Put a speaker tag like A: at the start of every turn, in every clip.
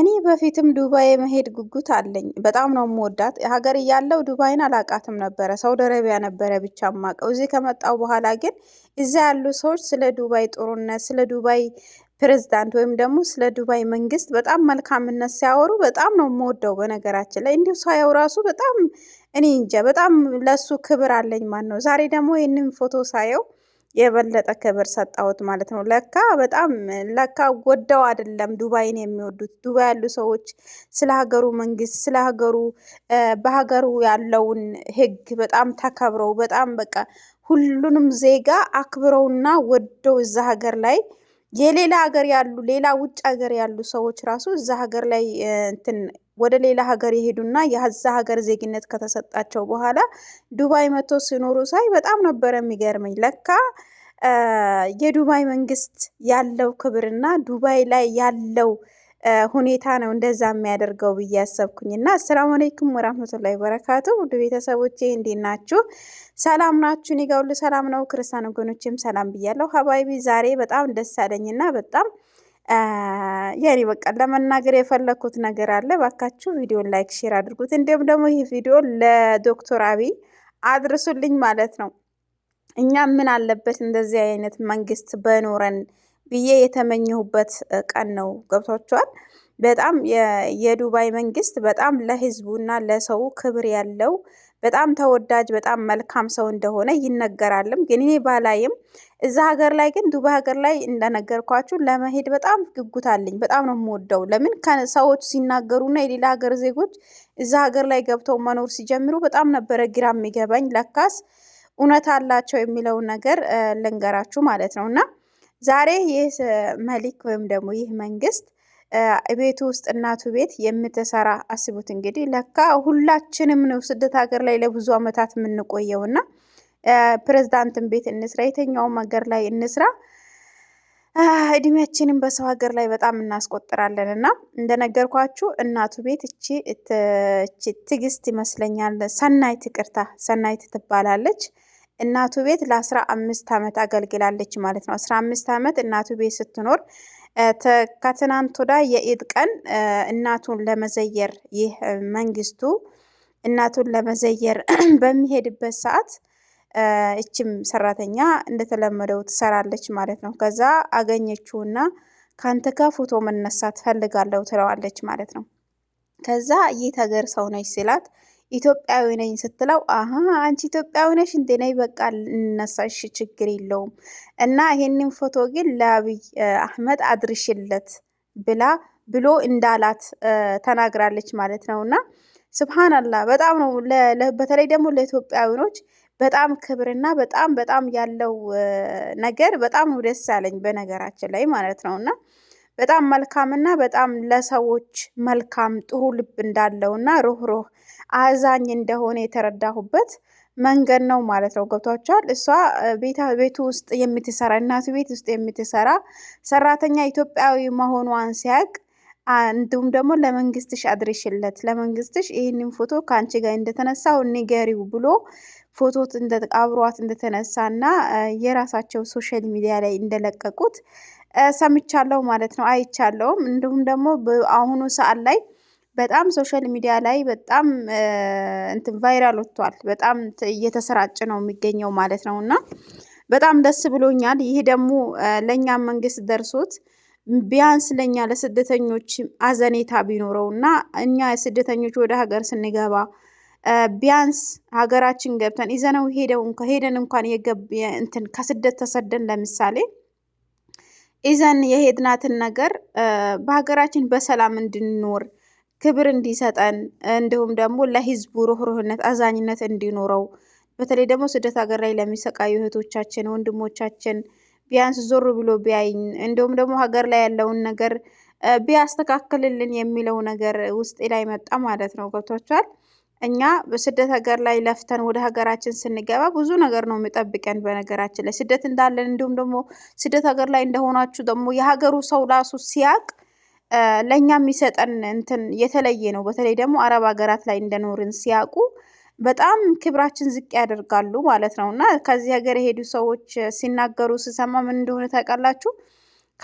A: እኔ በፊትም ዱባይ የመሄድ ጉጉት አለኝ። በጣም ነው የምወዳት ሀገር እያለው ዱባይን አላቃትም ነበረ። ሳውዲ አረቢያ ነበረ ብቻ ማቀው እዚህ ከመጣው በኋላ ግን እዛ ያሉ ሰዎች ስለ ዱባይ ጥሩነት፣ ስለ ዱባይ ፕሬዝዳንት ወይም ደግሞ ስለ ዱባይ መንግስት በጣም መልካምነት ሲያወሩ በጣም ነው የምወደው። በነገራችን ላይ እንዲሁ ሳየው ራሱ በጣም እኔ እንጃ በጣም ለሱ ክብር አለኝ። ማን ነው ዛሬ ደግሞ ይህንን ፎቶ ሳየው የበለጠ ክብር ሰጣሁት ማለት ነው። ለካ በጣም ለካ ወደው አይደለም ዱባይን የሚወዱት። ዱባይ ያሉ ሰዎች ስለ ሀገሩ መንግስት፣ ስለ ሀገሩ በሀገሩ ያለውን ህግ በጣም ተከብረው በጣም በቃ ሁሉንም ዜጋ አክብረውና ወደው እዛ ሀገር ላይ የሌላ ሀገር ያሉ ሌላ ውጭ ሀገር ያሉ ሰዎች ራሱ እዛ ሀገር ላይ እንትን ወደ ሌላ ሀገር የሄዱና የዛ ሀገር ዜግነት ከተሰጣቸው በኋላ ዱባይ መጥቶ ሲኖሩ ሳይ በጣም ነበረ የሚገርመኝ። ለካ የዱባይ መንግስት ያለው ክብርና ዱባይ ላይ ያለው ሁኔታ ነው እንደዛ የሚያደርገው ብዬ ያሰብኩኝ እና አሰላሙ አለይኩም ወራህመቱላሂ ወበረካቱ። ውድ ቤተሰቦቼ እንዴት ናችሁ? ሰላም ናችሁ? እኔ ጋር ሁሉ ሰላም ነው። ክርስቲያን ወገኖቼም ሰላም ብያለሁ። ሀባይቢ ዛሬ በጣም ደስ አለኝና በጣም የኔ በቃ ለመናገር የፈለግኩት ነገር አለ። ባካችሁ ቪዲዮን ላይክ፣ ሼር አድርጉት። እንዲሁም ደግሞ ይህ ቪዲዮ ለዶክተር አብይ አድርሱልኝ ማለት ነው። እኛ ምን አለበት እንደዚህ አይነት መንግስት በኖረን ብዬ የተመኘሁበት ቀን ነው። ገብቷችኋል? በጣም የዱባይ መንግስት በጣም ለህዝቡ እና ለሰው ክብር ያለው በጣም ተወዳጅ በጣም መልካም ሰው እንደሆነ ይነገራልም። ግን እኔ ባላይም እዛ ሀገር ላይ ግን ዱባ ሀገር ላይ እንደነገርኳችሁ ለመሄድ በጣም ጉጉት አለኝ። በጣም ነው የምወደው። ለምን ሰዎች ሲናገሩና የሌላ ሀገር ዜጎች እዛ ሀገር ላይ ገብተው መኖር ሲጀምሩ በጣም ነበረ ግራ የሚገባኝ። ለካስ እውነት አላቸው የሚለውን ነገር ልንገራችሁ ማለት ነው እና ዛሬ ይህ መሊክ ወይም ደግሞ ይህ መንግስት ቤት ውስጥ እናቱ ቤት የምትሰራ አስቡት እንግዲህ ለካ ሁላችንም ነው ስደት ሀገር ላይ ለብዙ ዓመታት የምንቆየው እና ፕሬዝዳንትን ቤት እንስራ፣ የተኛውም ሀገር ላይ እንስራ። እድሜያችንም በሰው ሀገር ላይ በጣም እናስቆጥራለን እና እንደነገርኳችሁ እናቱ ቤት እቺ ትግስት ይመስለኛል ሰናይት፣ ይቅርታ ሰናይት ትባላለች። እናቱ ቤት ለአስራ አምስት አመት አገልግላለች ማለት ነው። አስራ አምስት ዓመት እናቱ ቤት ስትኖር ከትናንት ወዲያ የኢድ ቀን እናቱን ለመዘየር ይህ መንግስቱ እናቱን ለመዘየር በሚሄድበት ሰዓት እችም ሰራተኛ እንደተለመደው ትሰራለች ማለት ነው። ከዛ አገኘችውና ከአንተ ጋር ፎቶ መነሳት ፈልጋለሁ ትለዋለች ማለት ነው። ከዛ ይህ ተገር ሰው ነች ሲላት ኢትዮጵያዊ ነኝ ስትለው አሀ አንቺ ኢትዮጵያዊ ነሽ እንዴ? ነይ በቃ እነሳሽ ችግር የለውም እና ይሄንን ፎቶ ግን ለአብይ አህመድ አድርሽለት ብላ ብሎ እንዳላት ተናግራለች ማለት ነው። እና ስብሃናላህ በጣም ነው በተለይ ደግሞ ለኢትዮጵያዊኖች በጣም ክብርና በጣም በጣም ያለው ነገር በጣም ነው ደስ ያለኝ በነገራችን ላይ ማለት ነው እና በጣም መልካም እና በጣም ለሰዎች መልካም ጥሩ ልብ እንዳለው እና ሩህሩህ አዛኝ እንደሆነ የተረዳሁበት መንገድ ነው ማለት ነው። ገብቷቸዋል። እሷ ቤቱ ውስጥ የምትሰራ እናቱ ቤት ውስጥ የምትሰራ ሰራተኛ ኢትዮጵያዊ መሆኗን ሲያቅ እንዲሁም ደግሞ ለመንግስትሽ አድርሽለት ለመንግስትሽ ይህንን ፎቶ ከአንቺ ጋር እንደተነሳው ንገሪው ብሎ ፎቶ አብሯት እንደተነሳ እና የራሳቸው ሶሻል ሚዲያ ላይ እንደለቀቁት ሰምቻለሁ ማለት ነው፣ አይቻለሁም። እንዲሁም ደግሞ በአሁኑ ሰዓት ላይ በጣም ሶሻል ሚዲያ ላይ በጣም እንትን ቫይራል ወጥቷል። በጣም እየተሰራጭ ነው የሚገኘው ማለት ነው። እና በጣም ደስ ብሎኛል። ይህ ደግሞ ለእኛ መንግስት ደርሶት ቢያንስ ለእኛ ለስደተኞች አዘኔታ ቢኖረው እና እኛ ስደተኞች ወደ ሀገር ስንገባ ቢያንስ ሀገራችን ገብተን ይዘነው ሄደው ሄደን እንኳን እንትን ከስደት ተሰደን ለምሳሌ ይዘን የሄድናትን ነገር በሀገራችን በሰላም እንድንኖር ክብር እንዲሰጠን እንዲሁም ደግሞ ለህዝቡ ሩህሩህነት፣ አዛኝነት እንዲኖረው በተለይ ደግሞ ስደት ሀገር ላይ ለሚሰቃዩ እህቶቻችን፣ ወንድሞቻችን ቢያንስ ዞር ብሎ ቢያይኝ እንዲሁም ደግሞ ሀገር ላይ ያለውን ነገር ቢያስተካክልልን የሚለው ነገር ውስጤ ላይ መጣ ማለት ነው። ገብቷችኋል? እኛ በስደት ሀገር ላይ ለፍተን ወደ ሀገራችን ስንገባ ብዙ ነገር ነው የሚጠብቀን። በነገራችን ላይ ስደት እንዳለን እንዲሁም ደግሞ ስደት ሀገር ላይ እንደሆናችሁ ደግሞ የሀገሩ ሰው ራሱ ሲያቅ ለእኛ የሚሰጠን እንትን የተለየ ነው። በተለይ ደግሞ አረብ ሀገራት ላይ እንደኖርን ሲያውቁ በጣም ክብራችን ዝቅ ያደርጋሉ ማለት ነው። እና ከዚህ ሀገር የሄዱ ሰዎች ሲናገሩ ስሰማ ምን እንደሆነ ታውቃላችሁ?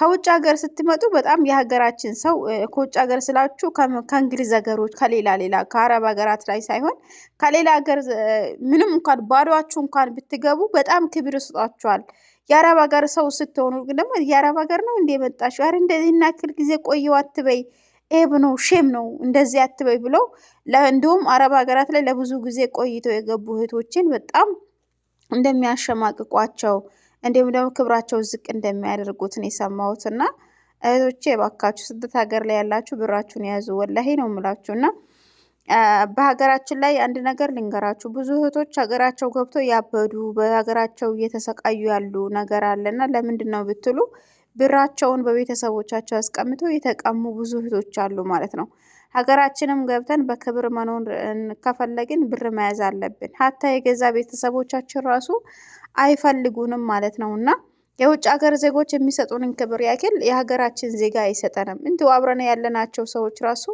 A: ከውጭ ሀገር ስትመጡ በጣም የሀገራችን ሰው ከውጭ ሀገር ስላችሁ ከእንግሊዝ ሀገሮች ከሌላ ሌላ ከአረብ ሀገራት ላይ ሳይሆን ከሌላ ሀገር ምንም እንኳን ባዷችሁ እንኳን ብትገቡ በጣም ክብር ይሰጧችኋል። የአረብ ሀገር ሰው ስትሆኑ ግን ደግሞ የአረብ ሀገር ነው እንደ መጣሽ? ኧረ እንደዚህ ክል ጊዜ ቆየው አትበይ፣ ኤብ ነው ሼም ነው እንደዚህ አትበይ ብለው እንዲሁም አረብ ሀገራት ላይ ለብዙ ጊዜ ቆይተው የገቡ እህቶችን በጣም እንደሚያሸማቅቋቸው እንዲሁም ደግሞ ክብራቸው ዝቅ እንደሚያደርጉትን የሰማሁት እና እህቶቼ የባካችሁ ስደት ሀገር ላይ ያላችሁ ብራችሁን የያዙ ወላሂ ነው የምላችሁ እና በሀገራችን ላይ አንድ ነገር ልንገራችሁ። ብዙ እህቶች ሀገራቸው ገብተው ያበዱ በሀገራቸው እየተሰቃዩ ያሉ ነገር አለና ለምንድን ነው ብትሉ ብራቸውን በቤተሰቦቻቸው አስቀምጠው የተቀሙ ብዙ እህቶች አሉ ማለት ነው። ሀገራችንም ገብተን በክብር መኖር ከፈለግን ብር መያዝ አለብን። ሀታ የገዛ ቤተሰቦቻችን ራሱ አይፈልጉንም ማለት ነው እና የውጭ ሀገር ዜጎች የሚሰጡንን ክብር ያክል የሀገራችን ዜጋ አይሰጠንም። እንዲሁ አብረን ያለናቸው ሰዎች ራሱ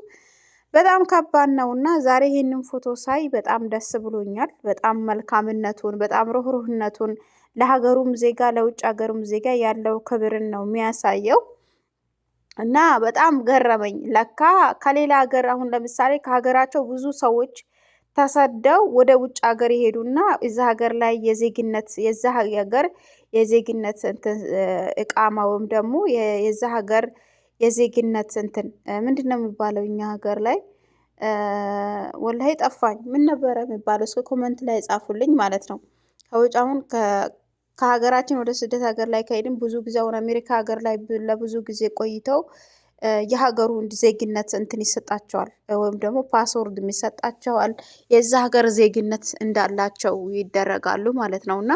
A: በጣም ከባድ ነው እና ዛሬ ይህንን ፎቶ ሳይ በጣም ደስ ብሎኛል። በጣም መልካምነቱን፣ በጣም ሩህሩህነቱን ለሀገሩም ዜጋ ለውጭ ሀገሩም ዜጋ ያለው ክብርን ነው የሚያሳየው። እና በጣም ገረመኝ። ለካ ከሌላ ሀገር አሁን ለምሳሌ ከሀገራቸው ብዙ ሰዎች ተሰደው ወደ ውጭ ሀገር ይሄዱና እዛ ሀገር ላይ የዜግነት የዛ ሀገር የዜግነት እቃማ ወይም ደግሞ የዛ ሀገር የዜግነት እንትን ምንድን ነው የሚባለው እኛ ሀገር ላይ ወላሂ ጠፋኝ። ምን ነበረ የሚባለው? እስከ ኮመንት ላይ ጻፉልኝ ማለት ነው። ከውጭ አሁን ከሀገራችን ወደ ስደት ሀገር ላይ ከሄድን ብዙ ጊዜ አሁን አሜሪካ ሀገር ላይ ለብዙ ጊዜ ቆይተው የሀገሩ ዜግነት እንትን ይሰጣቸዋል፣ ወይም ደግሞ ፓስወርድ ይሰጣቸዋል። የዛ ሀገር ዜግነት እንዳላቸው ይደረጋሉ ማለት ነው እና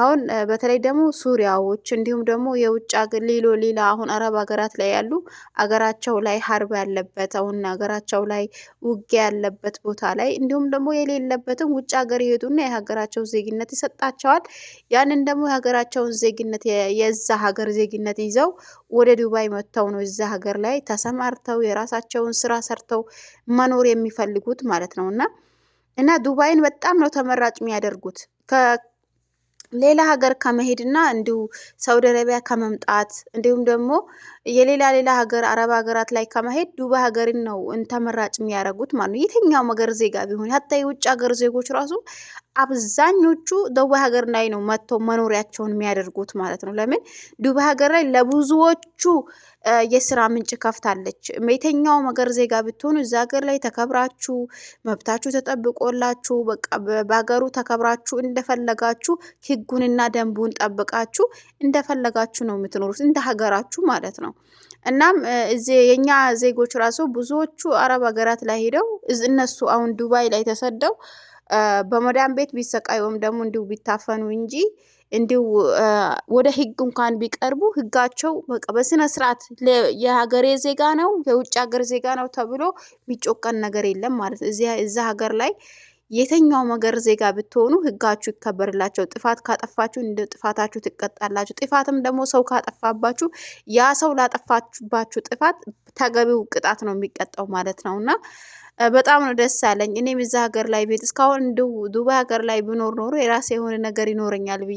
A: አሁን በተለይ ደግሞ ሱሪያዎች እንዲሁም ደግሞ የውጭ ሀገር ሌሎ ሌላ አሁን አረብ ሀገራት ላይ ያሉ አገራቸው ላይ ሀርብ ያለበት አሁን አገራቸው ላይ ውጊያ ያለበት ቦታ ላይ እንዲሁም ደግሞ የሌለበትም ውጭ ሀገር ይሄዱና የሀገራቸው ዜግነት ይሰጣቸዋል። ያንን ደግሞ የሀገራቸውን ዜግነት የዛ ሀገር ዜግነት ይዘው ወደ ዱባይ መጥተው ነው እዛ ሀገር ላይ ተሰማርተው የራሳቸውን ስራ ሰርተው መኖር የሚፈልጉት ማለት ነው እና እና ዱባይን በጣም ነው ተመራጭ የሚያደርጉት ሌላ ሀገር ከመሄድና እንዲሁ ሳውዲ አረቢያ ከመምጣት እንዲሁም ደግሞ የሌላ ሌላ ሀገር አረብ ሀገራት ላይ ከመሄድ ዱባይ ሀገርን ነው ተመራጭ የሚያደርጉት ማለት ነው። የትኛውም ሀገር ዜጋ ቢሆን ሀታ የውጭ ሀገር ዜጎች ራሱ አብዛኞቹ ደቡብ ሀገር ላይ ነው መጥተው መኖሪያቸውን የሚያደርጉት ማለት ነው። ለምን ዱባይ ሀገር ላይ ለብዙዎቹ የስራ ምንጭ ከፍታለች። የትኛውም ሀገር ዜጋ ብትሆኑ እዚ ሀገር ላይ ተከብራችሁ መብታችሁ ተጠብቆላችሁ በሀገሩ ተከብራችሁ እንደፈለጋችሁ ሕጉንና ደንቡን ጠብቃችሁ እንደፈለጋችሁ ነው የምትኖሩት እንደ ሀገራችሁ ማለት ነው። እናም እዚህ የእኛ ዜጎች ራሱ ብዙዎቹ አረብ ሀገራት ላይ ሄደው እነሱ አሁን ዱባይ ላይ ተሰደው በመዳን ቤት ቢሰቃይ ወይም ደግሞ እንዲሁ ቢታፈኑ እንጂ እንዲሁ ወደ ህግ እንኳን ቢቀርቡ ህጋቸው በቃ በስነ ስርዓት የሀገሬ ዜጋ ነው የውጭ ሀገር ዜጋ ነው ተብሎ ቢጮቀን ነገር የለም ማለት እዛ ሀገር ላይ የተኛው ሀገር ዜጋ ብትሆኑ ህጋችሁ ይከበርላቸው። ጥፋት ካጠፋችሁ እንደ ጥፋታችሁ ትቀጣላችሁ። ጥፋትም ደግሞ ሰው ካጠፋባችሁ ያ ሰው ላጠፋችባችሁ ጥፋት ተገቢው ቅጣት ነው የሚቀጣው ማለት ነው እና በጣም ነው ደስ አለኝ። እኔም እዛ ሀገር ላይ ቤት እስካሁን እንዲሁ ዱባይ ሀገር ላይ ብኖር ኖሮ የራሴ የሆነ ነገር ይኖረኛል ብዬ